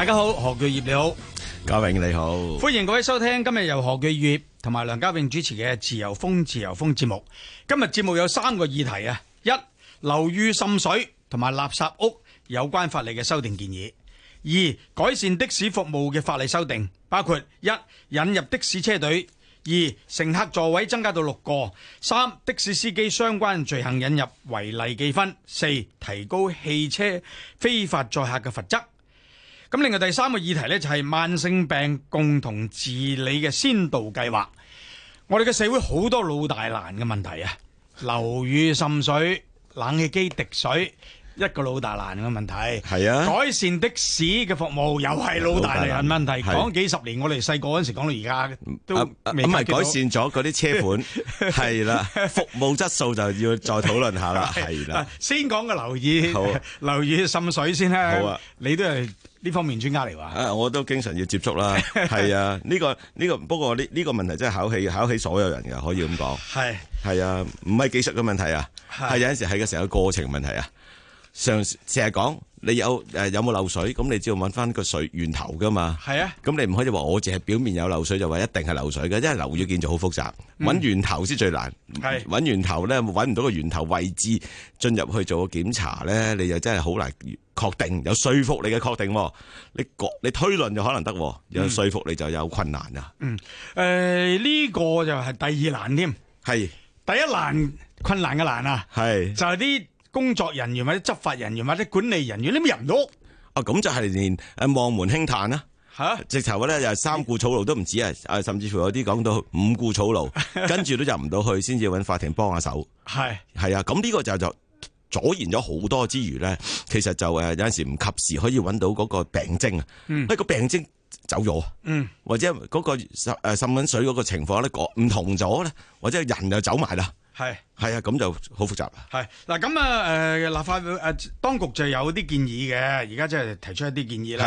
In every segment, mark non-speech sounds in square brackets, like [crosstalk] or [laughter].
大家好，何巨業你好，家榮你好，歡迎各位收聽今日由何巨業同埋梁家榮主持嘅《自由風自由風》節目。今日節目有三個議題啊：一、樓宇滲水同埋垃圾屋有關法例嘅修訂建議；二、改善的士服務嘅法例修訂，包括一、引入的士車隊；二、乘客座位增加到六個；三、的士司機相關罪行引入違例記分；四、提高汽車非法載客嘅罰則。咁另外第三個議題咧，就係慢性病共同治理嘅先導計劃。我哋嘅社會好多老大難嘅問題啊，樓宇滲水、冷氣機滴水，一個老大難嘅問題。係啊，改善的士嘅服務又係老大難問題。講幾十年，我哋細個嗰陣時講到而家都未改善咗嗰啲車款。係啦，服務質素就要再討論下啦。係啦，先講個樓宇，好，樓宇滲水先啦。好啊，你都係。呢方面專家嚟話，誒，我都經常要接觸啦，係啊，呢個呢個不過呢呢個問題真係考起考起所有人嘅，可以咁講，係係啊，唔係技術嘅問題啊，係有陣時係個，成個過程問題啊。常成日講，你有誒，有冇漏水咁，你只要揾翻個水源頭噶嘛。係啊，咁你唔可以話我淨係表面有漏水就話一定係漏水嘅，因為樓宇建築好複雜，揾源頭先最難。係揾源頭咧，揾唔到個源頭位置，進入去做個檢查咧，你就真係好難確定，有說服你嘅確定。你個你推論就可能得，有說服你就有困難啦。嗯，誒呢個就係第二難添。係第一難困難嘅難啊，係就係啲。工作人員或者執法人員或者管理人員，你唔入唔到？哦、啊，咁就係連望門輕嘆啦。嚇，直頭咧就係三顧草廬都唔止啊！啊，甚至乎有啲講到五顧草廬， [laughs] 跟住都入唔到去，先至揾法庭幫下手。係係是啊，咁呢個就就阻延咗好多之餘咧，其實就誒有陣時唔及時可以揾到嗰個病徵啊！嘿、嗯，個病徵走咗，嗯、或者嗰個誒滲緊水嗰個情況咧，講唔同咗咧，或者人又走埋啦。係係啊，咁就好複雜啦。係嗱，咁啊，誒、呃，立法會誒、呃，當局就有啲建議嘅，而家即係提出一啲建議啦，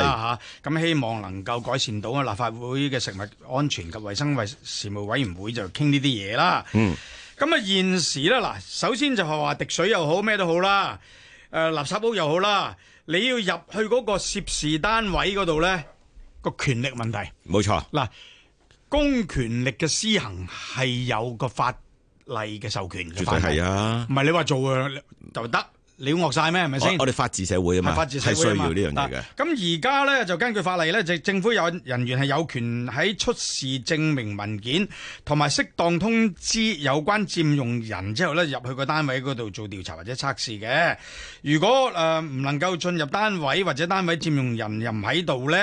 吓咁的、啊、希望能夠改善到啊，立法會嘅食物安全及環境衞生事務委員會就傾呢啲嘢啦。嗯，咁啊，現時咧，嗱，首先就係話滴水又好，咩都好啦，誒、呃，垃圾煲又好啦，你要入去嗰個涉事單位嗰度咧，個權力問題，冇錯錯。嗱、呃，公權力嘅施行係有個法。例嘅授權，絕對係啊！唔係你話做啊、嗯，就得。了惡晒咩？係咪先？我哋法治社會啊嘛，法治社會啊係需要呢樣嘢嘅。咁而家呢，就根據法例呢，政政府有人員係有權喺出示證明文件同埋適當通知有關佔用人之後呢，入去個單位嗰度做調查或者測試嘅。如果誒唔、呃、能夠進入單位或者單位佔用人又唔喺度呢，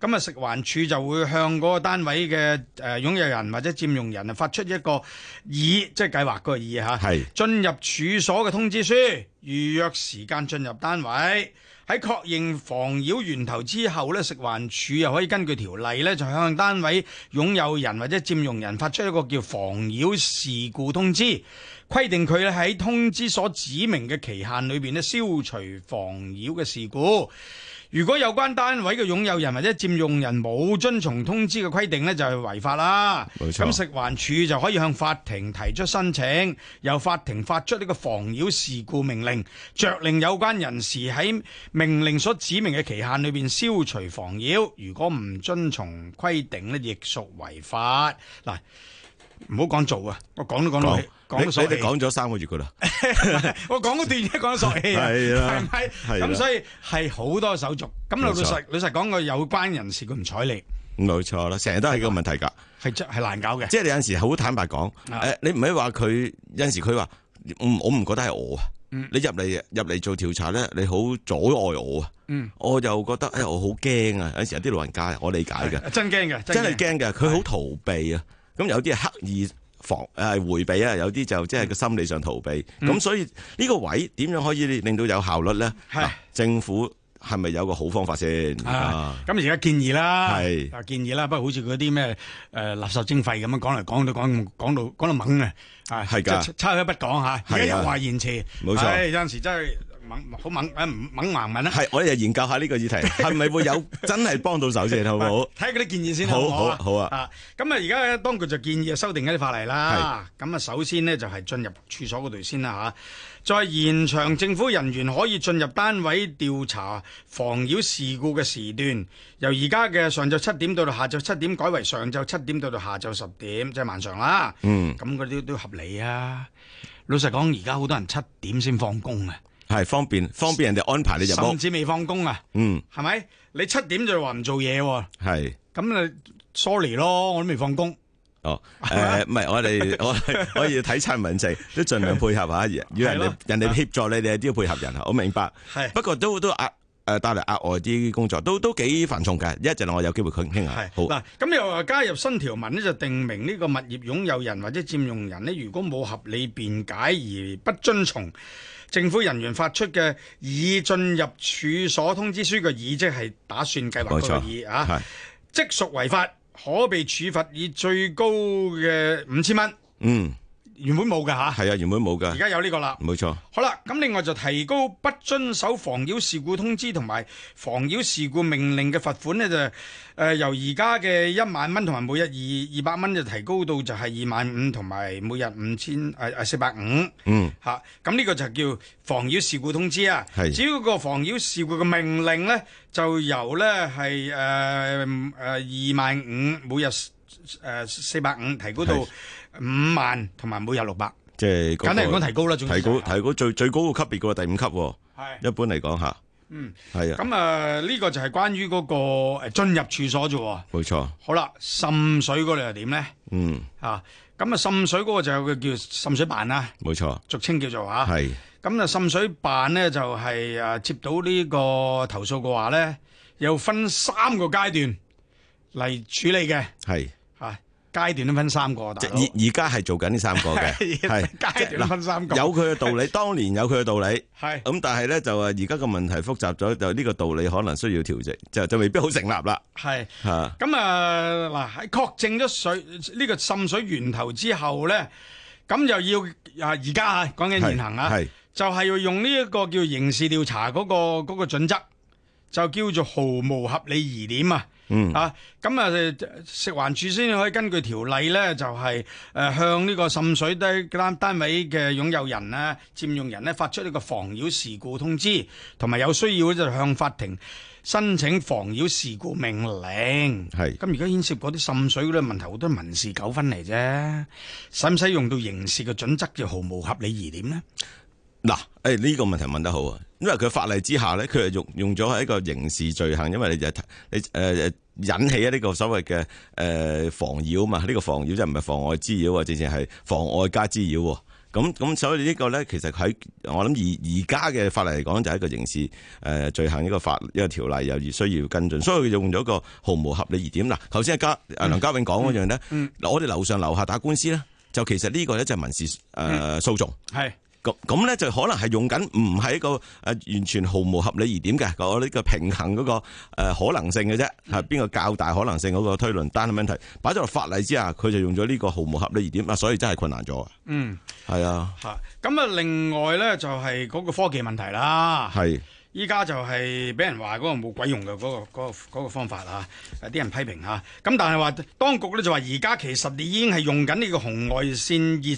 咁、呃、啊食環署就會向嗰個單位嘅誒、呃、擁有人或者佔用人啊發出一個擬即係計劃個擬吓係進入處所嘅通知書。預約時間進入單位，喺確認妨擾源頭之後咧，食環署又可以根據條例咧，就向單位擁有人或者佔用人發出一個叫妨擾事故通知。規定佢喺通知所指明嘅期限裏邊咧消除防擾嘅事故。如果有關單位嘅擁有人或者佔用人冇遵從通知嘅規定呢，就係違法啦。咁錯食環署就可以向法庭提出申請，由法庭發出呢個防擾事故命令，着令有關人士喺命令所指明嘅期限裏邊消除防擾。如果唔遵從規定呢，亦屬違法。嗱。唔好講做啊！我講都講到講，你你講咗三個月噶啦。我講咗段嘢，講咗傻氣啊！係啊，係咁，所以係好多手續。咁老老實老實講，個有關人士佢唔睬你。冇錯啦，成日都係個問題噶，係真係難搞嘅。即係你有陣時好坦白講，誒，你唔係話佢有陣時佢話，嗯，我唔覺得係我啊。你入嚟入嚟做調查咧，你好阻礙我啊。嗯，我又覺得我好驚啊。有陣時有啲老人家，我理解嘅。真驚嘅，真係驚嘅，佢好逃避啊。咁有啲係刻意防，誒迴避啊！有啲就即係個心理上逃避。咁所以呢個位點樣可以令到有效率咧？政府係咪有個好方法先？咁而家建議啦，係建議啦。不過好似嗰啲咩誒垃圾徵費咁樣講嚟講到講到講到講到猛啊！係㗎，差一不講吓，而家又話延遲，冇錯，有陣時真係。好猛啊！猛盲問啊！係，我哋研究下呢個議題，係咪會有真係幫到手先，好唔好？睇下嗰啲建議先，好唔好啊？好啊，好啊！啊！咁啊，而家當局就建議修訂一啲法例啦。咁啊是，首先呢，就係、是、進入處所嗰度先啦、啊、吓。再延長政府人員可以進入單位調查防擾事故嘅時段，由而家嘅上晝七點到到下晝七點，改為上晝七點到到下晝十點，即係晚上啦。嗯，咁嗰啲都合理啊。老實講，而家好多人七點先放工啊。係方便，方便人哋安排你入屋，甚至未放工啊？嗯，係咪？你七點就話唔做嘢，啊？係咁啊，sorry 咯，我都未放工。哦，誒嗎，唔係，呃，我哋 [laughs] 我我可以睇親文字，都盡量配合下，要人哋的人哋協助你哋，都要配合人。我明白。係是，不過都都壓誒，帶嚟額外啲工作，都都幾繁重嘅。一陣我有機會傾傾下。係是好嗱，咁又話加入新條文咧，就定明呢個物業擁有人或者佔用人咧，如果冇合理辯解而不遵從。政府人員發出嘅已進入處所通知書嘅議，即係打算計劃嗰個議啊，即係屬違法，可被處罰以最高嘅五千蚊。嗯。原本冇嘅吓，係啊，原本冇嘅，而家有呢個啦，冇錯錯。好啦，咁另外就提高不遵守妨擾事故通知同埋妨擾事故命令嘅罰款呢就誒、呃、由而家嘅一萬蚊同埋每日二二百蚊就提高到就係二萬五同埋每日五千誒誒四百五。嗯，吓、啊，咁呢個就叫妨擾事故通知啊。是只要個妨擾事故嘅命令呢，就由呢係誒誒二萬五每日誒四百五提高到。五萬同埋每日六百，即係簡單嚟講提高啦，提高提高最最高嘅級別嘅喎，第五級，係一般嚟講吓，嗯係啊。咁啊呢個就係關於嗰個誒進入處所啫，冇錯。好啦，滲水嗰度又點咧？嗯啊，咁啊滲水嗰個就叫叫滲水辦啦，冇錯，俗稱叫做吓，係。咁啊滲水辦咧就係啊接到呢個投訴嘅話咧，又分三個階段嚟處理嘅，係。階段都分三個，而而家係做緊呢三個嘅，係階段分三個，有佢嘅道理，當年有佢嘅道理，係咁，但係咧就啊，而家個問題複雜咗，就呢個道理可能需要調整，就就未必好成立啦。係，吓咁啊，嗱喺確定咗水呢個滲水源頭之後咧，咁就要啊，而家啊，講緊現行啊，就係要用呢一個叫刑事調查嗰個嗰個準則，就叫做毫無合理疑點啊。嗯，啊，咁啊，食環署先至可以根據條例呢，就係誒向呢個滲水低單單位嘅擁有人咧、佔用人咧發出呢個防擾事故通知，同埋有需要就向法庭申請防擾事故命令。係，咁而家牽涉嗰啲滲水咧，問題好多民事糾紛嚟啫，使唔使用到刑事嘅準則，就毫無合理疑點呢？嗱。誒，呢個問題問得好啊，因為佢法例之下咧，佢係用用咗係一個刑事罪行，因為你就你誒、呃、引起啊呢個所謂嘅誒妨擾啊嘛，呢、呃這個妨擾就唔係妨礙滋擾，直情係妨礙加滋擾。咁咁所以個呢個咧，其實喺我諗而而家嘅法例嚟講，就係、是、一個刑事誒罪行，呢個法呢個條例又而需要跟進，所以佢用咗一個毫無合理疑點。嗱，頭先阿家梁家永講嗰樣咧，嗱、嗯嗯嗯、我哋樓上樓下打官司咧，就其實呢個咧就係民事誒訴訟係。呃嗯咁咁咧就可能係用緊唔係一個誒完全毫無合理疑點嘅嗰呢個平衡嗰個誒可能性嘅，啫係邊個較大可能性嗰個推論。單嘅問題擺咗落法例之下，佢就用咗呢個毫無合理疑點啊，所以真係困難咗。嗯，係啊。吓咁啊，另外咧就係嗰個科技問題啦。係。依家就係俾人話嗰個冇鬼用嘅嗰個嗰個嗰個方法啊！啲人批評吓，咁但係話當局咧就話，而家其實你已經係用緊呢個紅外線熱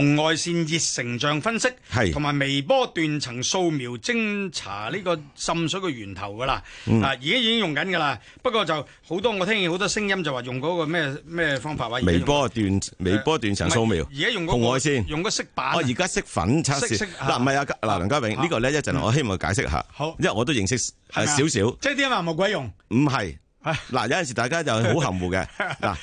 紅外線熱成像分析，同埋是微波斷層掃描偵查呢個滲水嘅源頭㗎啦。嗯、啊，而家已經用緊㗎啦。不過就好多我聽見好多聲音就話用嗰個咩咩方法話、啊。微波斷微波斷層掃描。而家、呃、用嗰、嗰個紅外線用個色板。而家、啊、色粉測試嗱唔係啊，嗱梁嘉永呢個咧一陣我希望解釋下。嗯嗯好，因為我都認識係少少，嗎即係啲話冇鬼用，唔係是，嗱 [laughs] 有陣時大家就好含糊嘅，嗱，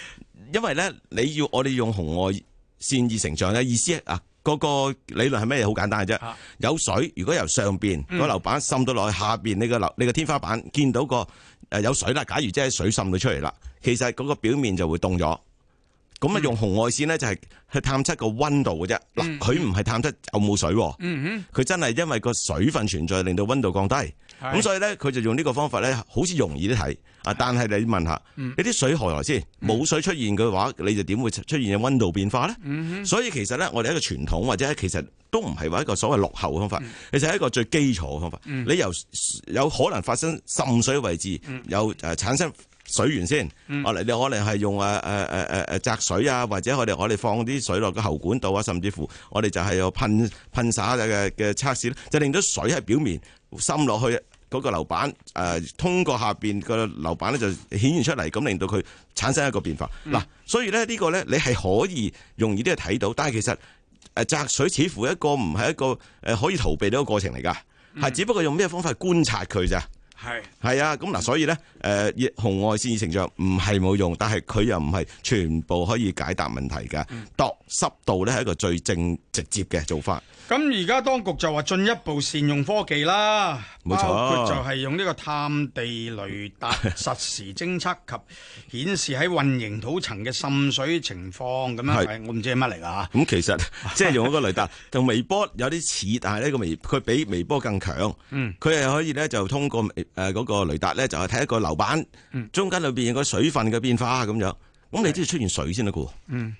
因為咧你要我哋用紅外線熱成像嘅意思啊，嗰、個理論係咩嘢？好簡單嘅啫，有水，如果由上邊、個樓板滲到落去下邊，你個樓你個天花板見到個誒有水啦，假如即係水滲到出嚟啦，其實嗰個表面就會凍咗。咁啊，用紅外線咧就係去探測個溫度嘅啫。嗱，佢唔係探測有冇水，佢真係因為個水分存在令到溫度降低。咁所以咧，佢就用呢個方法咧，好似容易啲睇。啊，但係你問下，呢啲水何來先？冇水出現嘅話，你就點會出現有溫度變化咧？所以其實咧，我哋一個傳統或者其實都唔係話一個所謂落後嘅方法，其實係一個最基礎嘅方法。你由有可能發生滲水嘅位置有誒產生。水源先，我哋可能係用誒誒誒誒誒擲水啊，或者我哋我哋放啲水落個喉管度啊，甚至乎我哋就係有噴噴灑嘅嘅測試咧，就令到水喺表面滲落去嗰、那個樓板誒、呃，通過下邊個樓板咧就顯現出嚟，咁令到佢產生一個變化。嗱、嗯啊，所以咧呢個咧你係可以容易啲睇到，但係其實誒擲水似乎一個唔係一個誒可以逃避呢一個過程嚟㗎，係只不過用咩方法去觀察佢咋。係係啊，咁、嗯、嗱，嗯、所以咧，誒、呃、熱紅外線成像唔係冇用，但係佢又唔係全部可以解答問題㗎。嗯、度濕度咧係一個最正直接嘅做法。咁而家當局就話進一步善用科技啦，冇錯，佢就係用呢個探地雷達實時偵測及顯示喺運營土層嘅滲水情況咁 [laughs] 樣是是。係是，我唔知係乜嚟㗎嚇。咁、嗯、其實即係、就是、用嗰個雷達同微波有啲似，但係呢個微佢比微波更強。嗯，佢係 [laughs] 可以咧就通過微誒、嗰、呃，那個雷達咧就係、是、睇一個樓板中間裏邊有個水分嘅變化咁樣，咁你都要出現水先得㗎。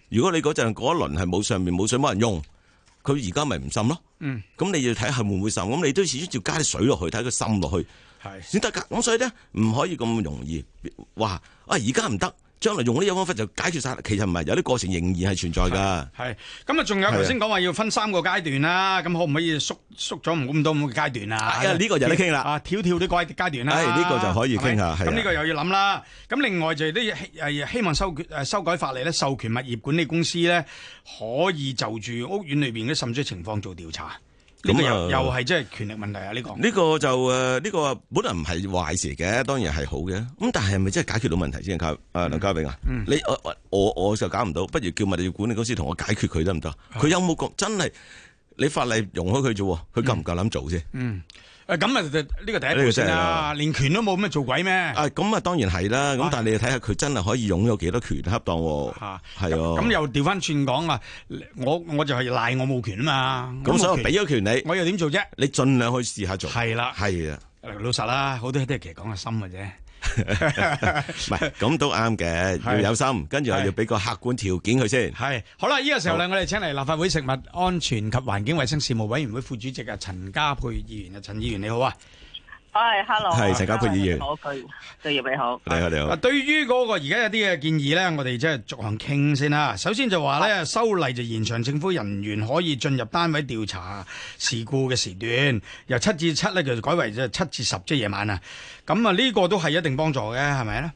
如果你嗰陣嗰一輪係冇上面冇水冇人用，佢而家咪唔滲咯。咁、嗯、你要睇係會唔會滲，咁你都始終要加啲水落去，睇佢滲落去先得㗎。咁所以咧唔可以咁容易話啊，而家唔得。將來用呢種方法就解決晒，其實唔係有啲過程仍然係存在噶。係咁啊，仲有頭先講話要分三個階段啦，咁可唔可以縮縮咗唔咁多個階段啊？係啊，呢個就你傾啦。啊，跳跳啲階階段啦。係呢個就可以傾下。咁呢個又要諗啦。咁另外就係誒希望修改誒修改法例咧，授權物業管理公司咧可以就住屋苑裏邊嗰啲滲水情況做調查。咁、嗯、又又係即係權力問題啊？呢、這個呢個就誒，呢、這個本來唔係壞事嘅，當然係好嘅。咁但係係咪真係解決到問題先？交誒，梁家榮啊，嗯、你我我我就搞唔到，不如叫物業管理公司同我解決佢得唔得？佢有冇講真係？你法例容許佢做，佢夠唔夠諗做啫？嗯，誒，咁啊，呢個第一條啊，連權都冇，咁咩做鬼咩？啊，咁啊，當然係啦。咁但係你睇下，佢真係可以擁有幾多權恰當？吓，係哦。咁又調翻轉講啊，我我就係賴我冇權啊嘛。咁所以俾咗權你，我又點做啫？你盡量去試下做。係啦，係啦。老實啦，好多嘢都係其實講下心嘅啫。唔係，咁都啱嘅，要有心，跟住又要俾個客觀條件佢先。係，好啦，呢個時候咧，我哋請嚟立法會食物安全及環境衞生事務委員會副主席啊，陳家珮議員啊，陳議員你好啊！係，hello，係陳家珮議員，好，佢，陳議員你好，你好，你好。好啊，對於嗰、那個而家有啲嘅建議咧，我哋即係逐行傾先啦。首先就話咧，修例就延長政府人員可以進入單位調查事故嘅時段，由七至七咧，其實改為即係七至十，即係夜晚啊。咁啊，呢個都係一定幫助嘅，係咪咧？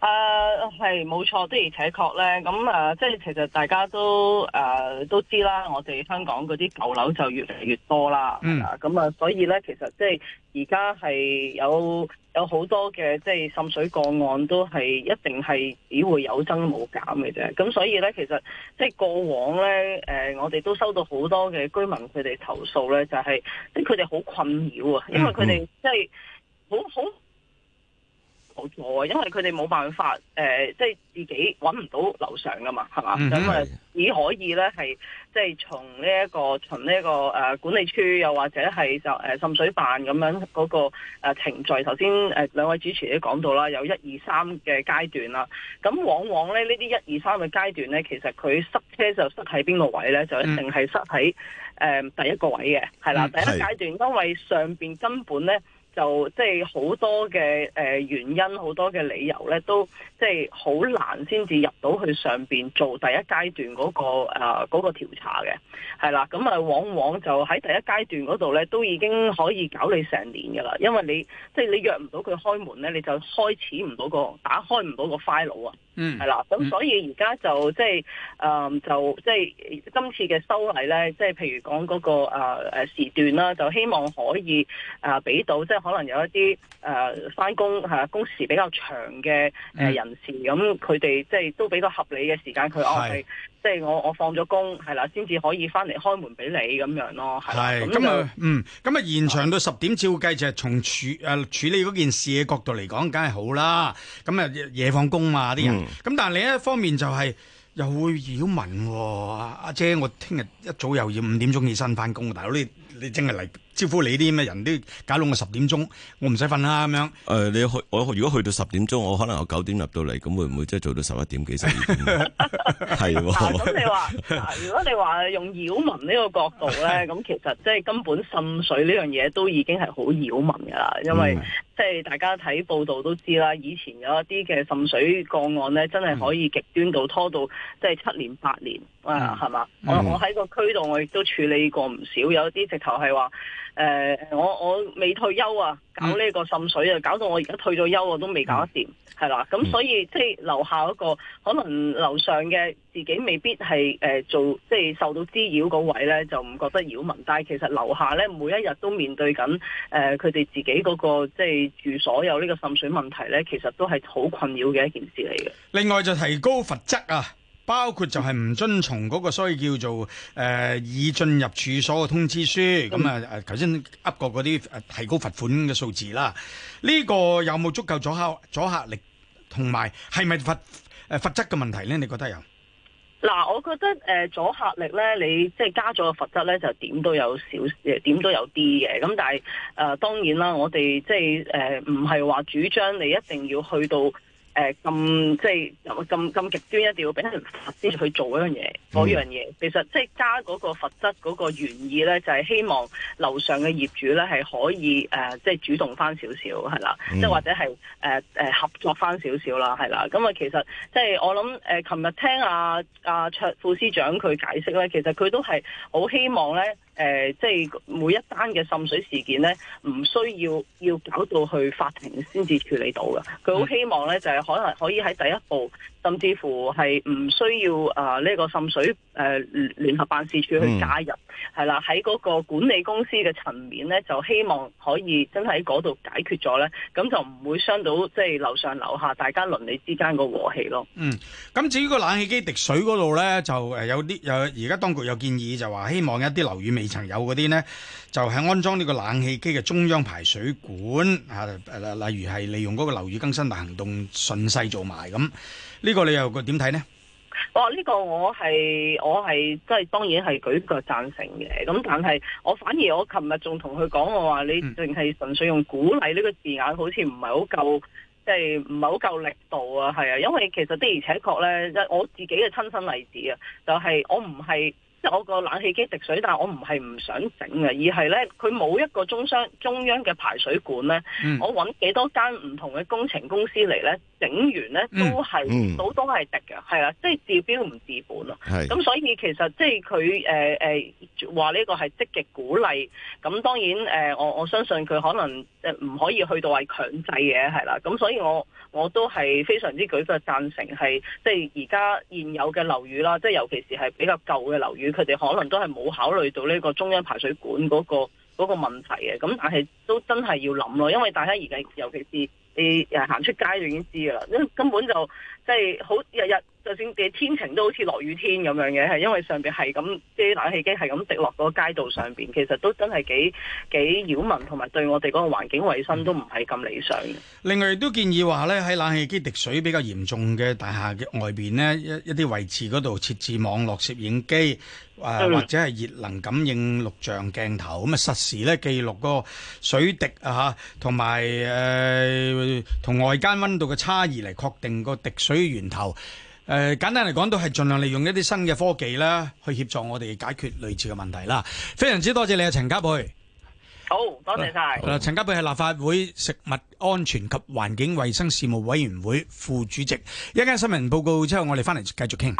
誒，係冇錯，的而且確咧，咁啊，即係其實大家都誒、啊、都知啦，我哋香港嗰啲舊樓就越嚟越多啦，咁、嗯、啊，所以咧，其實即係而家係有有好多嘅即係滲水個案，都係一定係只會有增冇減嘅啫。咁、啊、所以咧，其實即係過往咧，誒、啊，我哋都收到好多嘅居民佢哋投訴咧、就是，就係即係佢哋好困擾啊，因為佢哋即係好好。冇錯啊，因為佢哋冇辦法誒、呃，即係自己揾唔到樓上噶嘛，係嘛？咁啊、嗯哼，只可以咧係即係從呢、這、一個從呢、這個誒、呃、管理處，又或者係就誒滲、呃、水辦咁樣嗰、那個、呃、程序。頭先誒兩位主持都講到啦，有一二三嘅階段啦。咁往往咧呢啲一二三嘅階段咧，其實佢塞車就塞喺邊個位咧，就一定係塞喺誒、嗯哼呃、第一個位嘅，係啦，第一階段，因為上邊根本咧，就即係好多嘅誒原因，好多嘅理由咧，都即係好難先至入到去上邊做第一階段嗰個啊嗰個調查嘅，係啦。咁啊，往往就喺第一階段嗰度咧，都已經可以搞你成年㗎啦，因為你即係你約唔到佢開門咧，你就開始唔到個打開唔到個 file 啊，嗯，係啦。咁所以而家就即係誒就即係今次嘅修例咧，即係譬如講嗰個啊誒時段啦，就希望可以啊俾到即係。可能有一啲誒翻工係啊工時比較長嘅誒人士，咁佢哋即係都比較合理嘅時間。佢我係即係我我放咗工係啦，先至是、嗯、可以翻嚟開門俾你咁、嗯、樣咯。係咁啊，嗯，咁啊延長到十點照計就係、是、從處誒、啊、處理嗰件事嘅角度嚟講，梗係好啦。咁啊夜放工嘛啲人，咁、嗯、但係另一方面就係、是、又會擾民、啊。阿姐，我聽日一早又要五點鐘起身翻工，大佬你你，你真係嚟。招呼你啲咩人，人都搞到我十點鐘我唔使瞓啦咁樣誒、呃，你去我如果去到十點鐘，我可能我九點入到嚟，咁會唔會即係做到十一點幾？十二點？係喎。咁你話，如果你話用擾民呢個角度咧，咁其實即係根本滲水呢樣嘢都已經係好擾民㗎啦。因為即係大家睇報道都知啦，以前有一啲嘅滲水個案咧，真係可以極端到拖到即係七年八年啊，係嘛、嗯？我我喺個區度我亦都處理過唔少，有啲直頭係話。誒、呃，我我未退休啊，搞呢個滲水啊，嗯、搞到我而家退咗休我、啊、都未搞得掂，係啦、嗯。咁所以即係、就是、樓下嗰個可能樓上嘅自己未必係誒、呃、做，即、就、係、是、受到滋擾嗰位咧就唔覺得擾民，但係其實樓下咧每一日都面對緊誒佢哋自己嗰、那個即係、就是、住所有呢個滲水問題咧，其實都係好困擾嘅一件事嚟嘅。另外就提高罰則啊。包括就係唔遵從嗰個，所以叫做誒已進入處所嘅通知書。咁啊誒，頭先噏過嗰啲提高罰款嘅數字啦。呢個有冇足夠阻嚇阻嚇力？同埋係咪罰誒罰則嘅問題咧？你覺得有？嗱，我覺得誒阻嚇力咧，你即係加咗個罰則咧，就點都有少誒，點都有啲嘅。咁但係誒，當然啦，我哋即係誒唔係話主張你一定要去到。誒咁即係咁咁極端，一定要俾人罰先去做一樣嘢，嗰、嗯、樣嘢其實即係加嗰個罰則嗰個原意咧，就係希望樓上嘅業主咧係可以誒，即係主動翻少少係啦，即係或者係誒誒合作翻少少啦，係啦。咁啊，其實即係我諗誒，琴、呃、日聽阿、啊、阿、啊、卓副司長佢解釋咧，其實佢都係好希望咧。誒、呃，即係每一單嘅滲水事件咧，唔需要要搞到去法庭先至處理到嘅。佢好希望咧，就係、是、可能可以喺第一步，甚至乎係唔需要啊呢、呃呢個滲水。誒，聯聯合辦事處去加入。係啦，喺嗰個管理公司嘅層面呢，就希望可以真係喺嗰度解決咗呢，咁就唔會傷到即係樓上樓下大家鄰里之間個和氣咯。嗯，咁至於個冷氣機滴水嗰度呢，就誒有啲有，而家當局有建議就話，希望一啲樓宇未曾有嗰啲呢，就係安裝呢個冷氣機嘅中央排水管啊，誒例如係利用嗰個樓宇更新嘅行動順勢做埋咁，呢個你又點睇呢？我呢，呢個我係我係即係當然係舉腳贊成嘅，咁但係我反而我琴日仲同佢講，我話你淨係純粹用鼓勵呢個字眼，好似唔係好夠，即係唔係好夠力度啊，係啊，因為其實的而且確咧，即我自己嘅親身例子啊，就係、是、我唔係。即係我個冷氣機滴水，但係我唔係唔想整嘅，而係咧佢冇一個中商中央嘅排水管咧，嗯、我搵幾多間唔同嘅工程公司嚟咧整完咧都係、嗯、都都係滴嘅，係啦，即係治標唔治本咯。咁的所以其實即係佢誒誒。呃呃話呢個係積極鼓勵，咁當然誒、呃，我我相信佢可能誒唔可以去到係強制嘅，係啦，咁所以我我都係非常之舉個贊成，係即係而家現有嘅樓宇啦，即、就、係、是、尤其是係比較舊嘅樓宇，佢哋可能都係冇考慮到呢個中央排水管嗰、那個嗰、那個問題嘅，咁但係都真係要諗咯，因為大家而家尤其是你誒行出街就已經知㗎啦，因為根本就即係、就是、好日日。天天就算嘅天晴都好似落雨天咁樣嘅，係因為上邊，係咁啲冷氣機，係咁滴落個街道上邊，其實都真係幾幾擾民，同埋對我哋嗰個環境衛生都唔係咁理想。另外都建議話咧，喺冷氣機滴水比較嚴重嘅大廈嘅外邊咧，一一啲位置嗰度設置網絡攝影機誒、呃 mm hmm. 或者係熱能感應錄像鏡頭咁啊實時咧記錄個水滴啊，同埋誒同外間溫度嘅差異嚟確定個滴水源頭。誒，簡單嚟講都係盡量利用一啲新嘅科技啦，去協助我哋解決類似嘅問題啦。非常之多謝你啊，陳家珮。好，多謝晒。陳好好家珮係立法會食物安全及環境衛生事務委員會副主席。一陣間新聞報告之後，我哋翻嚟繼續傾。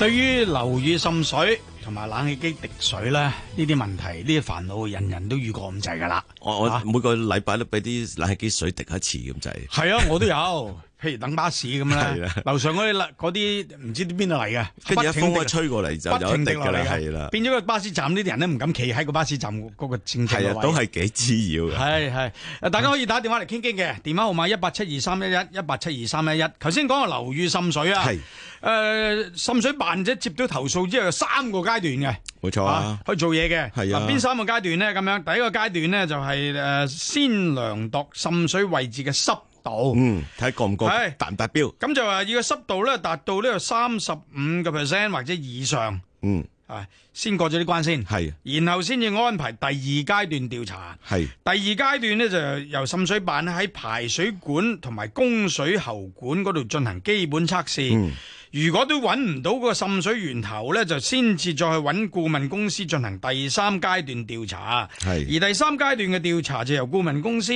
對於樓宇滲水同埋冷氣機滴水咧，呢啲問題，呢啲煩惱，人人都遇過咁滯噶啦。我我每個禮拜都俾啲冷氣機水滴一次咁滯。係 [laughs] 啊，我都有。 [laughs] 譬如等巴士咁啦，的樓上嗰啲啲唔知邊度嚟嘅， [laughs] 不停嘅吹過嚟就不停滴落嚟，係啦的，變咗個巴士站呢啲人咧唔敢企喺個巴士站嗰、那個正正位，係啊，都係幾滋擾嘅。係係，的大家可以打電話嚟傾傾嘅，電話號碼一八七二三一一一八七二三一一。頭先講個樓宇滲水啊，誒的、呃、滲水辦者接到投訴之後有三個階段嘅，冇錯啊，可以做嘢嘅。係啊，邊的、啊、三個階段咧？咁樣第一個階段咧就係、是、誒、呃、先量度滲水位置嘅濕度，嗯，睇過唔過，達唔達標？咁就話要個濕度咧達到呢個三十五個 percent 或者以上，嗯，啊，先過咗呢關先，係是，然後先至安排第二階段調查，係是，第二階段咧就由滲水辦喺排水管同埋供水喉管嗰度進行基本測試。嗯如果都揾唔到個滲水源頭咧，就先至再去揾顧問公司進行第三階段調查。係的，而第三階段嘅調查就由顧問公司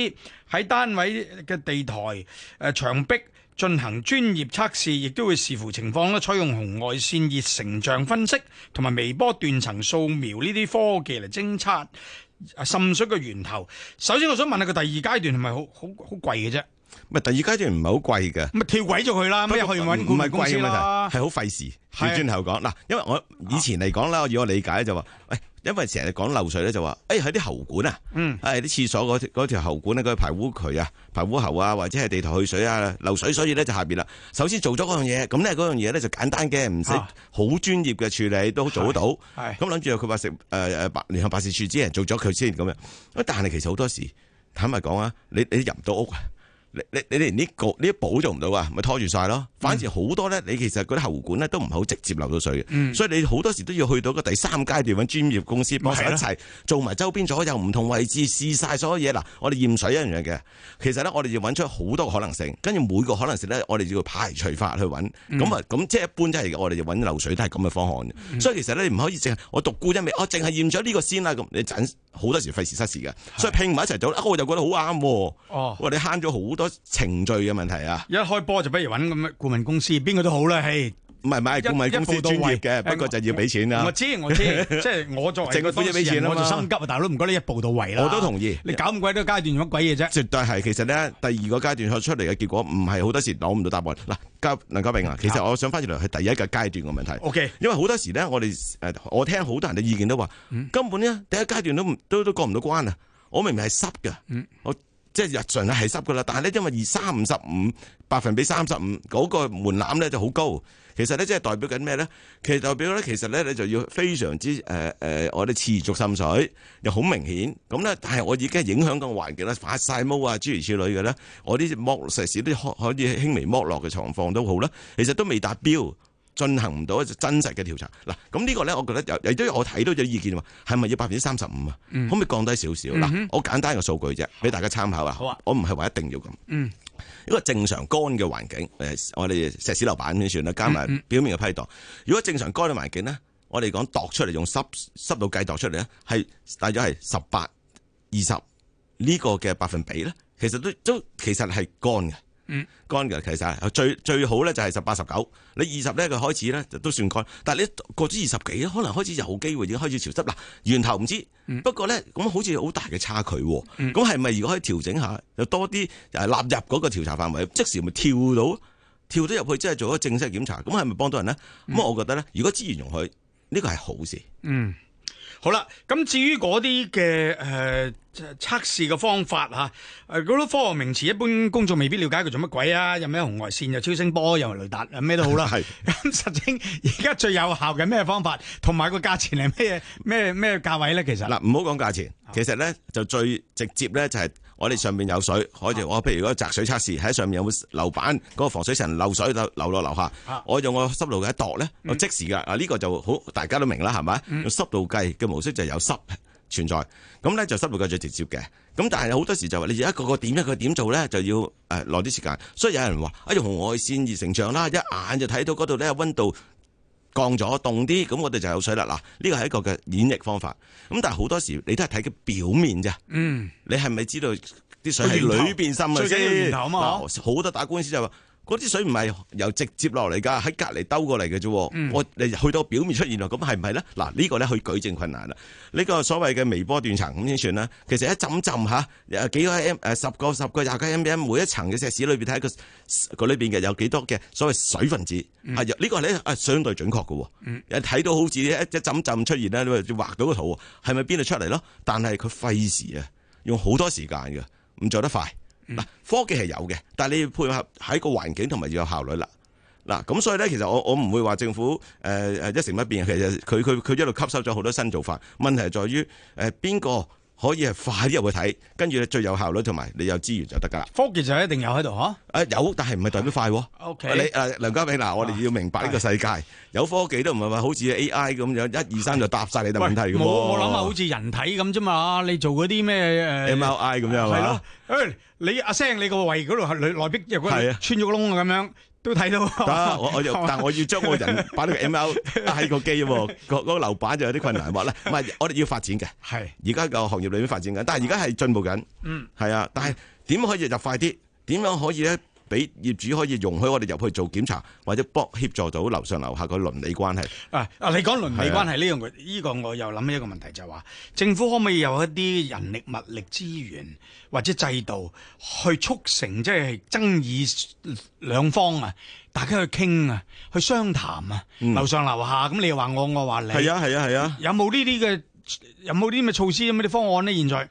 喺單位嘅地台、誒、呃、牆壁進行專業測試，亦都會視乎情況咧，採用紅外線熱成像分析同埋微波斷層掃描呢啲科技嚟偵測滲水嘅源頭。首先，我想問下佢第二階段係咪好好好貴嘅啫？係第二階段唔係好貴嘅，咁跳鬼咗佢啦，咁又可以搵管公司啦，係好費事。轉轉頭講嗱，因為我以前嚟講啦，我以、啊、我理解就話，喂，因為成日講漏水咧，就、哎、話，誒喺啲喉管啊，嗯、哎，啲廁所嗰嗰條喉管咧，嗰個排污渠啊、排污喉啊，或者係地台去水啊、漏水，所以咧就下邊啦。首先做咗嗰樣嘢，咁呢嗰樣嘢咧就簡單嘅，唔使好專業嘅處理都做得到。係、啊啊，咁諗住佢話食誒誒聯合辦事處之人做咗佢先咁樣，但係其實好多時坦白講啊，你你入唔到屋啊。你你你哋連、這個嗯、呢個呢啲保做唔到啊，咪拖住晒咯。反而好多咧，你其實嗰啲喉管咧都唔好直接流到水嘅，嗯、所以你好多時都要去到個第三階段搵專業公司幫手一齊是做埋周邊所有唔同位置試晒所有嘢。嗱，我哋驗水一樣嘅，其實咧我哋要搵出好多可能性，跟住每個可能性咧我哋要排除法去搵。咁啊咁即係一般即係我哋要搵漏水都係咁嘅方案。嗯、所以其實咧你唔可以淨係我獨沽一味，我淨係驗咗呢個先啦。咁你好多時費事失事嘅，是所以拼埋一齊做，我就覺得好啱、啊。哦、我話你慳咗好多程序嘅問題啊！一開波就不如搵咁嘅顧問公司，邊個都好啦。嘿唔係，唔係公司專業嘅，不過就要俾錢啦。我知我知， [laughs] 即係我作為整個公司俾錢啦，我就心急啊！ [laughs] 大佬唔該，你一步到位啦。我都同意。你搞咁鬼多階段，做乜鬼嘢啫？絕對係，其實咧，第二個階段出嚟嘅結果，唔係好多時攞唔到答案。嗱，林林家珮啊，嗯、其實我想翻轉頭係第一個階段嘅問題。O K，行因為好多時咧，我哋誒，我聽好多人嘅意見都話，根本咧第一階段都都都過唔到關啊！我明明係濕嘅，我、嗯。即係日常係濕㗎喇，但係咧因為二三五十五百分比三十五嗰個門檻咧就好高，其實咧即係代表緊咩咧？其實代表咧，其實咧你就要非常之誒誒，我哋持續滲水又好明顯咁咧，但係我而家影響到環境啦，發晒毛啊諸如此類嘅咧，我啲剝石屎啲可可以輕微剝落嘅狀況都好啦，其實都未達標。進行唔到一隻真實嘅調查嗱，咁呢個咧，我覺得有亦都我睇到咗意見啊，係咪要百分之三十五啊？嗯、可唔可以降低少少？嗱、嗯哼，我簡單嘅個數據啫，俾大家參考啊。好啊，我唔係話一定要咁。嗯，如果正常乾嘅環境，誒，我哋石屎樓板先算啦，加埋表面嘅批盪。如果正常乾嘅環境咧，我哋講度出嚟用濕濕度計度出嚟咧，係大約係十八、二十呢個嘅百分比咧，其實都都其實係乾嘅。乾嘅、嗯、其實最最好咧就係十八十九，你二十咧佢開始咧就都算乾，但係你過咗二十幾咧，可能開始有機會已經開始潮濕。嗱，源頭唔知，嗯、不過咧咁好似好大嘅差距，咁係咪如果可以調整下，又多啲納入嗰個調查範圍，即時咪跳到跳咗入去，即係做一個正式檢查，咁係咪幫到人咧？咁、嗯、我覺得咧，如果資源容許，呢、這個係好事。嗯好啦，咁至於嗰啲嘅誒測試嘅方法吓，誒嗰啲科學名詞，一般公眾未必了解佢做乜鬼啊，有咩紅外線，又超聲波，又雷達，咩都好啦。係， [laughs] 咁實情而家最有效嘅咩方法，同埋個價錢係咩嘢咩咩價位咧？其實嗱，唔好講價錢，其實咧就最直接咧就係、是。我哋上面有水，我譬如我譬如個蓄水測試喺上面有冇樓板，嗰個防水層漏水流落樓下，我用個濕度計嚟度咧，我即時噶，呢、這個就好大家都明啦，係咪？用濕度計嘅模式就有濕存在，咁咧就濕度計最直接嘅，咁但係好多時就話你一個個點一個，個點做咧，就要誒耐啲時間，所以有人話，啊、哎、用紅外線熱成像啦，一眼就睇到嗰度咧溫度。降咗，凍啲，咁我哋就有水啦。嗱，呢個係一個嘅演繹方法。咁但係好多時你都係睇佢表面啫。嗯，你係咪知道啲水係裏邊滲啊？好、嗯、多打官司就話。嗰啲水唔係由直接落嚟㗎，喺隔離兜過嚟嘅啫。嗯、我你去到表面出現啊，咁係唔係咧？嗱，呢、呢個咧去舉證困難啦。呢、呢個所謂嘅微波斷層咁先算啦。其實一浸浸吓，幾個 m 誒十個十個廿個 m m，每一層嘅石屎裏邊睇個個裏邊嘅有幾多嘅所謂水分子，係呢、嗯啊呢個咧啊相對準確嘅。誒睇、嗯、到好似一層一浸浸出現咧，你話畫到個圖係咪邊度出嚟咯？但係佢費時啊，用好多時間嘅，唔做得快。嗱，嗯、科技係有嘅，但係你要配合喺個環境同埋要有效率啦。嗱，咁所以咧，其實我我唔會話政府誒誒、呃、一成不變，其實佢佢佢一路吸收咗好多新做法。問題係在於誒邊個？呃可以係快啲入去睇，跟住咧最有效率，同埋你有資源就得噶啦。科技就一定有喺度嗬？誒、啊啊、有，但係唔係代表快？O K。啊 okay. 你誒、啊、梁家偉嗱，啊啊、我哋要明白呢個世界，啊、有科技都唔係話好似 A I 咁樣，一二三就答晒你嘅問題嘅喎。我我諗啊，好似人體咁啫嘛，你做嗰啲咩誒？M R I 咁樣的啊？係咯，誒你阿聲，你個胃嗰度係內壁入嗰度穿咗窿咁樣。都睇到，得我我又，好但我要將我人把呢個 ML 帶個機，個嗰個樓板就有啲困難。話咧，唔係我哋要發展嘅，係而家個行業裏面發展緊，但係而家係進步緊，嗯，係啊，但係點可以入，入快啲？點樣可以咧？俾業主可以容許我哋入去做檢查，或者幫協助到樓上樓下嘅鄰里關係。啊啊！你講鄰里關係呢樣嘢，依是、啊這個這個我又諗起一個問題就係話、是，政府可唔可以有一啲人力物力資源或者制度去促成即係、就是、爭議兩方啊，大家去傾啊，去商談啊，嗯、樓上樓下咁，你又話我，我話你。係啊係啊係啊！啊啊有冇呢啲嘅？有冇啲嘅措施、咩啲方案呢？現在？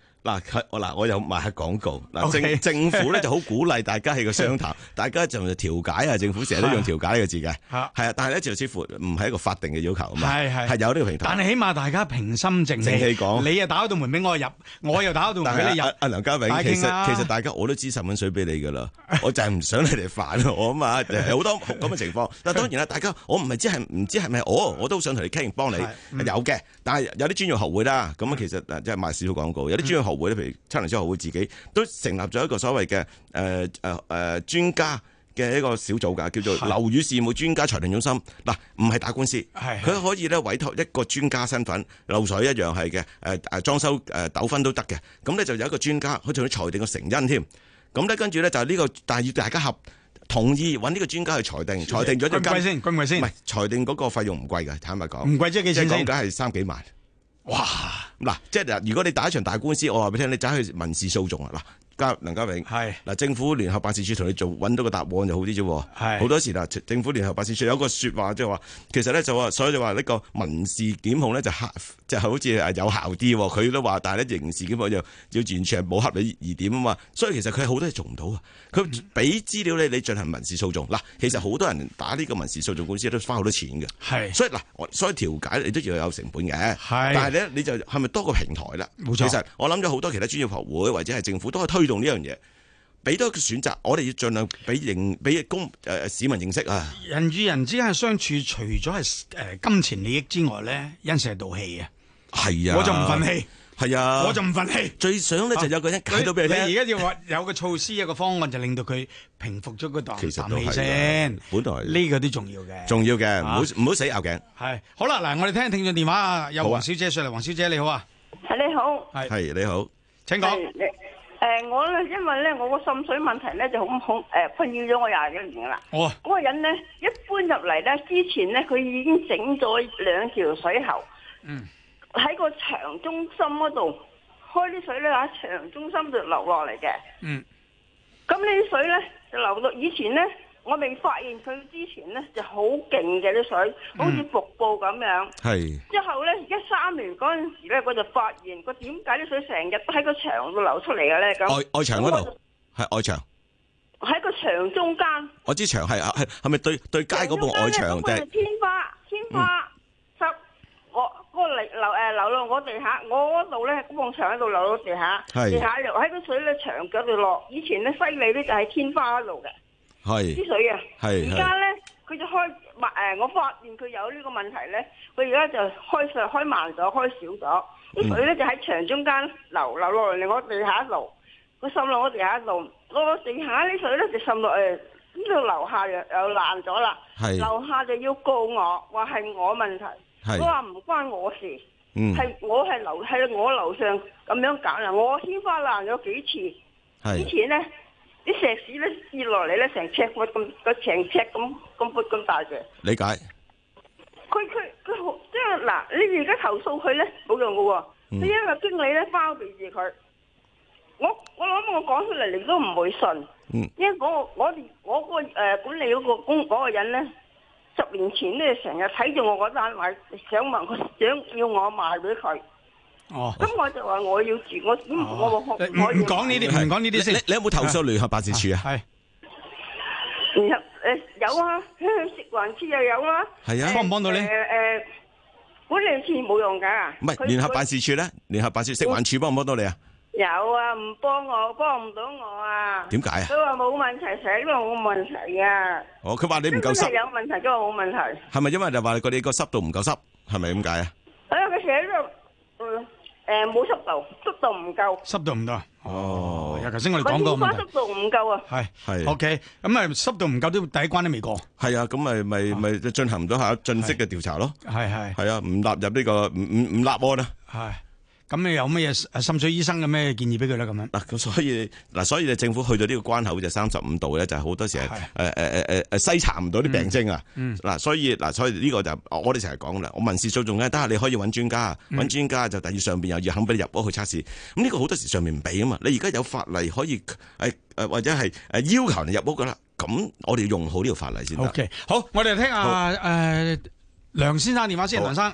我嗱、啊、我又賣下廣告嗱，政 Okay. [laughs] 政府咧就好鼓勵大家係個商談，大家就調解啊，政府成日都用調解呢個字嘅，係啊， [laughs] 但係咧就似乎唔係一個法定嘅要求啊嘛，係係 [laughs] 的，係有呢個平台，但係起碼大家平心靜氣講，氣你又打開道門俾我入，我又打開道門俾你入。阿、啊、梁家偉，其實,、啊、其,實其實大家我都支十蚊水俾你㗎啦，我就係唔想你哋煩我啊嘛，好 [laughs] 多咁嘅情況。但係當然啦，大家我唔係知係唔知係咪，我，我都想同你傾，幫你 [laughs] 有嘅。但係有啲專業學會啦，咁啊其實誒即係賣小廣告，有啲專業學會咧，譬如七零師學會自己都成立咗一個所謂嘅誒誒誒專家嘅一個小組㗎，叫做樓宇事務專家裁定中心。嗱，唔係打官司，佢可以咧委託一個專家身份，漏水一樣係嘅，誒誒裝修誒糾紛都得嘅。咁咧就有一個專家可以裁定嘅成因添。咁咧跟住咧就呢個，但係要大家合。同意揾呢個專家去裁定，裁定咗一金，貴唔貴先？唔係裁定嗰個費用唔貴嘅，坦白講。唔貴即幾錢先？即係講緊係三幾萬，哇！嗱，即係如果你打一場大官司，我話俾你聽，你走去民事訴訟啊嗱。加梁家榮，係嗱是，政府聯合辦事處同你做揾到個答案就好啲啫。係好是多時嗱，政府聯合辦事處有一個説話，即係話其實咧就話，所以就話呢個民事檢控咧就就好似有效啲。佢都話，但係咧刑事檢控就要完全係冇合理疑點啊嘛。所以其實佢好多嘢做唔到啊。佢俾資料你，你進行民事訴訟嗱，其實好多人打呢個民事訴訟官司都花好多錢嘅。係是，所以嗱，所以調解你都要有成本嘅。係是，但係咧，你就係咪多個平台啦？冇錯。其實我諗咗好多其他專業學會或者係政府都可以推。用呢樣嘢，俾多個選擇，我哋要盡量俾認俾公誒市民認識啊！人與人之間嘅相處，除咗係誒金錢利益之外咧，因成係賭氣啊！係啊，我就唔忿氣，係啊，我就唔忿氣。最想咧就有個解到俾你聽。而家要話有個措施，一個方案，就令到佢平復咗嗰其啖氣先。本來呢個都重要嘅，重要嘅，唔好唔好死拗頸。係好啦，嗱，我哋聽聽住電話啊，有黃小姐上嚟，黃小姐你好啊，係你好，係你好，請講。誒、呃，我咧，因為咧，我個滲水問題咧，就好好誒困擾咗我廿幾年啦。哇！嗰個人咧，一搬入嚟咧，之前咧，佢已經整咗兩條水喉。嗯。喺個牆中心嗰度開啲水咧，喺牆中心就流落嚟嘅。嗯。咁呢啲水咧，就流到以前咧。我未發現佢之前咧就好勁嘅啲水，好似瀑布咁樣。係、嗯。之後咧，一三年嗰陣時咧，我就發現個點解啲水成日都喺個牆度流出嚟嘅咧咁。外外牆嗰度係外牆。喺個牆中間。我知牆係係係咪對對街嗰部外牆啫是？天花天花濕，嗯、我嗰、嗰個流誒流落我地下，我嗰度咧個牆喺度流到地下，是地下流喺啲水咧牆嗰度落。以前咧犀利咧就喺天花嗰度嘅。啲水嘅，而家咧佢就開慢，誒，我發現佢有呢個問題咧，佢而家就開水開慢咗，開少咗，啲水咧就喺牆中間流流落嚟我地下度，佢滲落我地下度，我地下啲水咧就滲落誒呢度樓下又又爛咗啦，樓下就要告我話係我問題，我話唔關我事，係我係樓係我樓上咁樣搞啦，我天花爛咗幾次，之前咧。啲石屎咧跌落嚟咧，成尺闊咁，個成尺咁咁闊咁大嘅。理解。佢佢佢好即係嗱，你而家投訴佢咧冇用嘅喎，你、嗯、一個經理咧包庇住佢。我我諗我講出嚟，你都唔會信。嗯。因為、那個、我我我個誒管理嗰、那個工、呃、個人咧，十年前咧成日睇住我嗰單位，想問佢，想要我賣俾佢。哦，咁我就話我要住，我我我我唔講呢啲，唔講呢啲先。你你有冇投訴聯合辦事處啊？係，聯合，有誒，有啊，食環處又有啊。係啊，幫唔幫到你？誒誒，管理處冇用噶。唔係聯合辦事處咧，聯合辦事處食環處幫唔幫到你啊？有啊，唔幫我，幫唔到我啊。點解啊？佢話冇問題，寫因為我冇問題啊。哦，佢話你唔夠濕，有問題都話冇問題。係咪因為就話你哋個濕度唔夠濕？係咪咁解啊？誒，佢寫咗，嗯。誒，冇濕度，濕度唔夠，濕度唔得，哦，啊，頭先我哋講過嘛，濕度唔夠啊，係係，OK，咁啊濕度唔夠都第一關都未過，係啊，咁咪咪咪進行唔到下進階嘅調查咯，係係，係啊，唔納入呢個，唔唔唔立案啦，係。咁你有咩嘢？滲、啊、水醫生嘅咩建議俾佢啦？咁樣嗱，咁所以嗱、啊，所以政府去到呢個關口就三十五度咧，就好、就是、多時誒誒誒誒誒篩查唔到啲病徵啊！嗱，所以嗱、啊，所以呢個就是、我哋成日講啦，我民事訴訟咧，得、啊、下你可以揾專家，揾專家就第二上邊又要肯俾你入屋去測試。咁、嗯、呢、這個好多時上面唔俾啊嘛。你而家有法例可以誒誒、啊啊啊，或者係誒要求你入屋噶啦。咁我哋用好呢條法例先啦。O、okay, K，好，我哋嚟聽阿好、呃、梁先生電話先，梁生。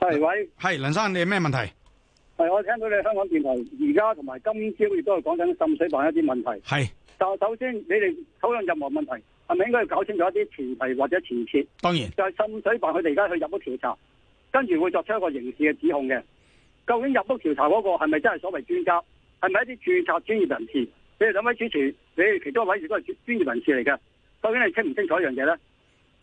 喂。係好，梁生，你有咩問題？係，我聽到你香港電台而家同埋今朝亦都係講緊滲水辦一啲問題。係是，但首先你哋討論任何問題，係咪應該要搞清楚一啲前提或者前設？當然。就係滲水辦佢哋而家去入屋調查，跟住會作出一個刑事嘅指控嘅。究竟入屋調查嗰個係咪真係所謂專家？係咪一啲註冊專業人士？你哋兩位主持，你哋其中一位亦都係專業人士嚟嘅，究竟你清唔清楚一樣嘢咧？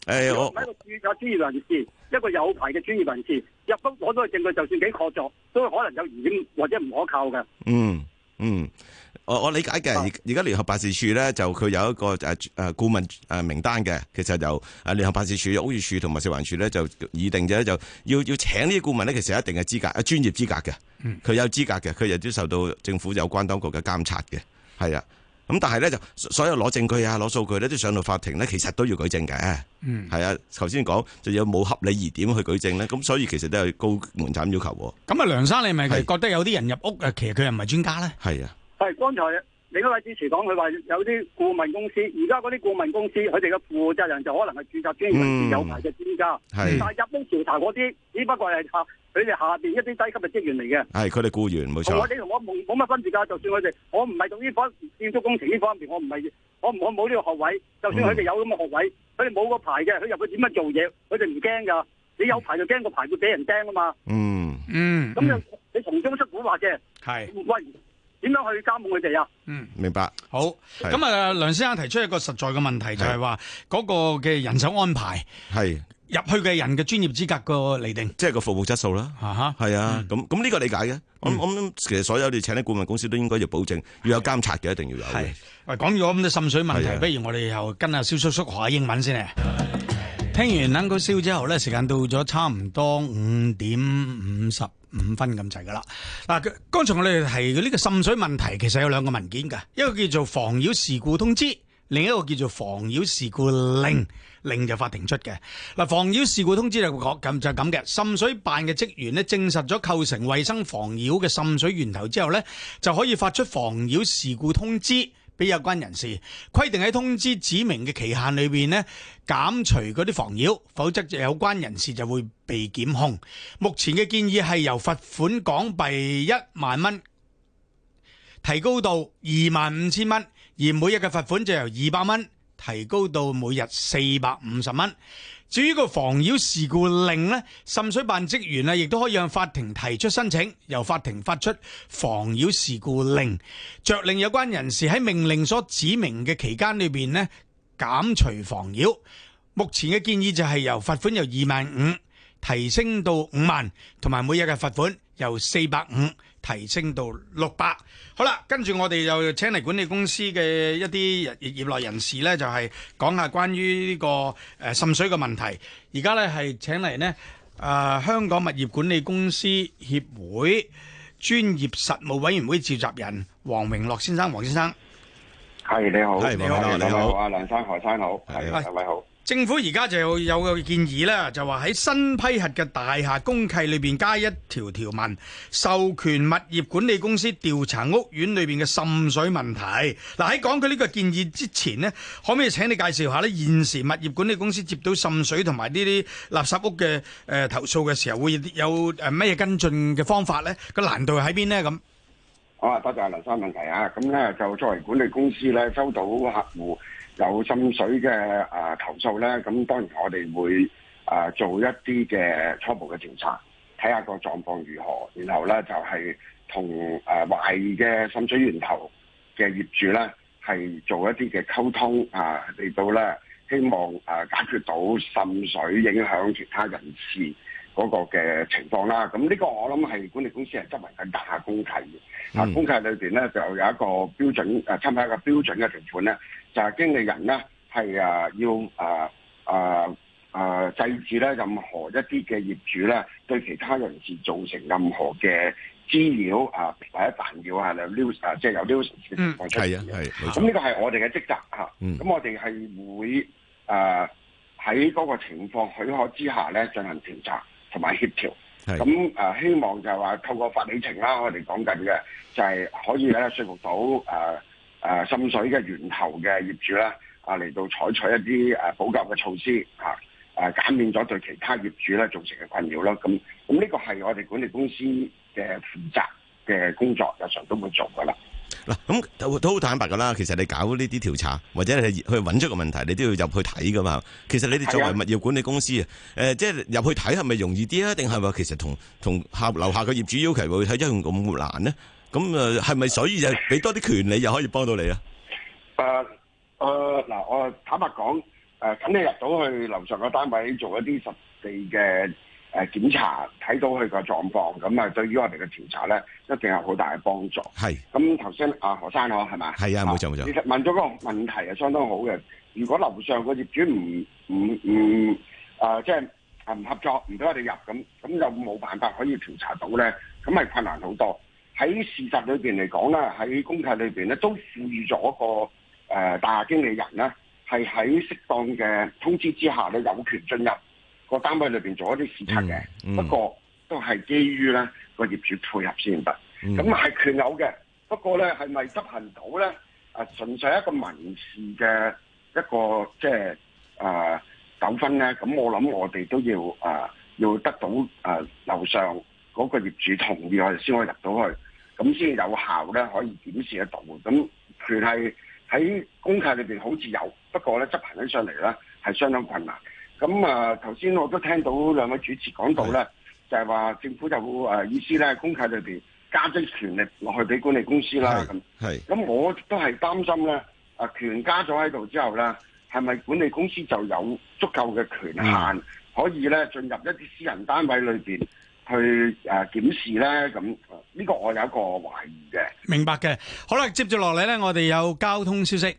誒、欸，我係一個註冊專業人士，一個有牌嘅專業人士入到攞到證據，就算幾確鑿，都可能有疑點或者唔可靠嘅。嗯嗯，我我理解嘅。而而家聯合辦事處咧，就佢有一個誒誒顧問誒名單嘅。其實由誒聯合辦事處、屋宇署同埋食環署咧，就擬定咗就要要請呢啲顧問咧。其實一定嘅資格，專業資格嘅。佢、嗯、有資格嘅，佢亦都受到政府有關當局嘅監察嘅。係啊。咁但係咧就所有攞證據啊，攞數據咧都上到法庭咧，其實都要舉證嘅。嗯，係啊，頭先講就有冇合理疑點去舉證咧？咁所以其實都有高門檻要求喎。咁啊、嗯，梁生你係咪覺得有啲人入屋誒，是其實佢又唔係專家咧。係啊。係剛才。你嗰位主持講佢話有啲顧問公司，而家嗰啲顧問公司佢哋嘅負責人就可能係住宅專業有牌嘅專家，嗯、但係入屋調查嗰啲只不過係下佢哋下邊一啲低級嘅職員嚟嘅。係佢哋僱員冇錯。錯，和你和我你同我冇乜分別噶，就算佢哋我唔係做呢建築工程呢方面，我唔係我我冇呢個學位，就算佢哋有咁嘅學位，佢哋冇個牌嘅，佢入去點樣做嘢，佢哋唔驚噶。你有牌就驚，個牌會俾人釘啊嘛。嗯嗯，咁樣你從中出古話啫。係。唔點樣去監管佢哋啊？嗯，明白。好，咁啊，梁先生提出一個實在嘅問題，就係話嗰個嘅人手安排係入去嘅人嘅專業資格個釐定，即係個服務質素啦。啊哈，係啊，咁咁呢個理解嘅。我我其實所有你請啲顧問公司都應該要保證，要有監察嘅，一定要有嘅。喂，講咗咁多滲水問題，不如我哋又跟阿蕭叔叔學下英文先啊！聽完兩個蕭之後咧，時間到咗差唔多五點五十。五分咁滯噶啦嗱，剛才我哋提到呢個滲水問題，其實有兩個文件噶，一個叫做防擾事故通知，另一個叫做防擾事故令，令就法庭出嘅嗱。防擾事故通知就講咁就咁嘅，滲水辦嘅職員呢，證實咗構成衛生防擾嘅滲水源頭之後呢，就可以發出防擾事故通知。俾有關人士規定喺通知指明嘅期限裏邊呢，減除嗰啲妨擾，否則有關人士就會被檢控。目前嘅建議係由罰款港幣一萬蚊提高到二萬五千蚊，而每日嘅罰款就由二百蚊提高到每日四百五十蚊。至於個妨擾事故令呢，滲水辦職員咧，亦都可以向法庭提出申請，由法庭發出妨擾事故令，着令有關人士喺命令所指明嘅期間裏邊呢減除妨擾。目前嘅建議就係由罰款由二萬五提升到五萬，同埋每日嘅罰款由四百五。提升到六百，好啦，跟住我哋就請嚟管理公司嘅一啲業內人士咧，就係講下關於呢個誒滲水嘅問題。而家咧係請嚟咧，誒香港物業管理公司協會專業實務委員會召集人王榮樂先生，王先生，係你好，係你好，你好啊，梁生何生好，各位好。政府而家就有個建議咧，就話喺新批核嘅大廈公契裏邊加一條條文，授權物業管理公司調查屋苑裏邊嘅滲水問題。嗱，喺講佢呢個建議之前呢，可唔可以請你介紹下呢？現時物業管理公司接到滲水同埋呢啲垃圾屋嘅誒、呃、投訴嘅時候，會有誒乜嘢跟進嘅方法呢？個難度喺邊呢？咁，好啊，多謝梁生問題啊！咁呢，就作為管理公司呢，收到個客戶。有滲水嘅誒投訴咧，咁當然我哋會誒做一啲嘅初步嘅調查，睇下個狀況如何，然後咧就係同誒懷疑嘅滲水源頭嘅業主咧，係做一啲嘅溝通啊，嚟到咧希望誒解決到滲水影響其他人士。嗰個嘅情況啦，咁呢個我諗係管理公司係執行緊下公契嘅，嗯、啊公契裏邊咧就有一個標準，誒、啊、參加一個標準嘅條款咧，就係、是、經理人咧係啊要啊啊啊制止咧任何一啲嘅業主咧對其他人士造成任何嘅滋擾，啊或者煩擾啊啊即係有 news 嘅情況出現，咁呢個係我哋嘅職責嚇，咁、嗯、我哋係會誒喺嗰個情況許可之下咧進行調查。同埋協調，咁誒、呃、希望就係話透過法理程啦，我哋講緊嘅就係、是、可以咧説服到誒誒滲水嘅源頭嘅業主啦，啊嚟到採取一啲誒、啊、補救嘅措施嚇，誒、啊啊、減免咗對其他業主咧造成嘅困擾啦。咁咁呢個係我哋管理公司嘅負責嘅工作，日常都會做㗎啦。嗱，咁、嗯、都好坦白㗎啦。其實你搞呢啲調查，或者你去揾出個問題，你都要入去睇㗎嘛。其實你哋作為物業管理公司是啊，誒、呃，即係入去睇係咪容易啲啊？定係話其實同同下樓下嘅業主要求去睇一樣咁難呢？咁、嗯、啊，係咪所以就俾多啲權利又可以幫到你啊？誒誒、呃，嗱、呃呃，我坦白講，誒、呃，咁你入到去樓上嘅單位做一啲實地嘅。誒檢查睇到佢個狀況，咁啊對於我哋嘅調查咧，一定有好大嘅幫助。係嘅，咁頭先啊何生講係嘛？係啊，冇錯冇錯。其實問咗個問題係相當好嘅。如果樓上個業主唔唔唔誒，即係唔合作，唔俾我哋入咁，咁就冇辦法可以調查到咧，咁係困難好多。喺事實裏邊嚟講啦，喺公契裏邊咧都賦予咗個誒、呃、大廈經理人咧，係喺適當嘅通知之下咧，有權進入。個單位裏邊做一啲視察嘅。嗯嗯、不過都係基於咧個業主配合先得。咁係、嗯、權有嘅，不過咧係咪執行到咧？啊，純粹一個民事嘅一個即係啊糾紛咧。咁、呃、我諗我哋都要啊、呃、要得到啊樓、呃呃、上嗰個業主同意，我哋先可以入到去，咁先有效咧可以檢視得到。咁權係喺公契裏邊好似有，不過咧執行起上嚟咧係相當困難。咁啊，頭先我都聽到兩位主持講到咧，是就係話政府就誒、呃、意思咧，公契裏邊加啲權力落去俾管理公司啦。咁，係咁我都係擔心咧，啊權加咗喺度之後咧，係咪管理公司就有足夠嘅權限，嗯、可以咧進入一啲私人單位裏邊去誒、呃、檢視咧？咁呢、呢個我有一個懷疑嘅。明白嘅，好啦，接住落嚟咧，我哋有交通消息。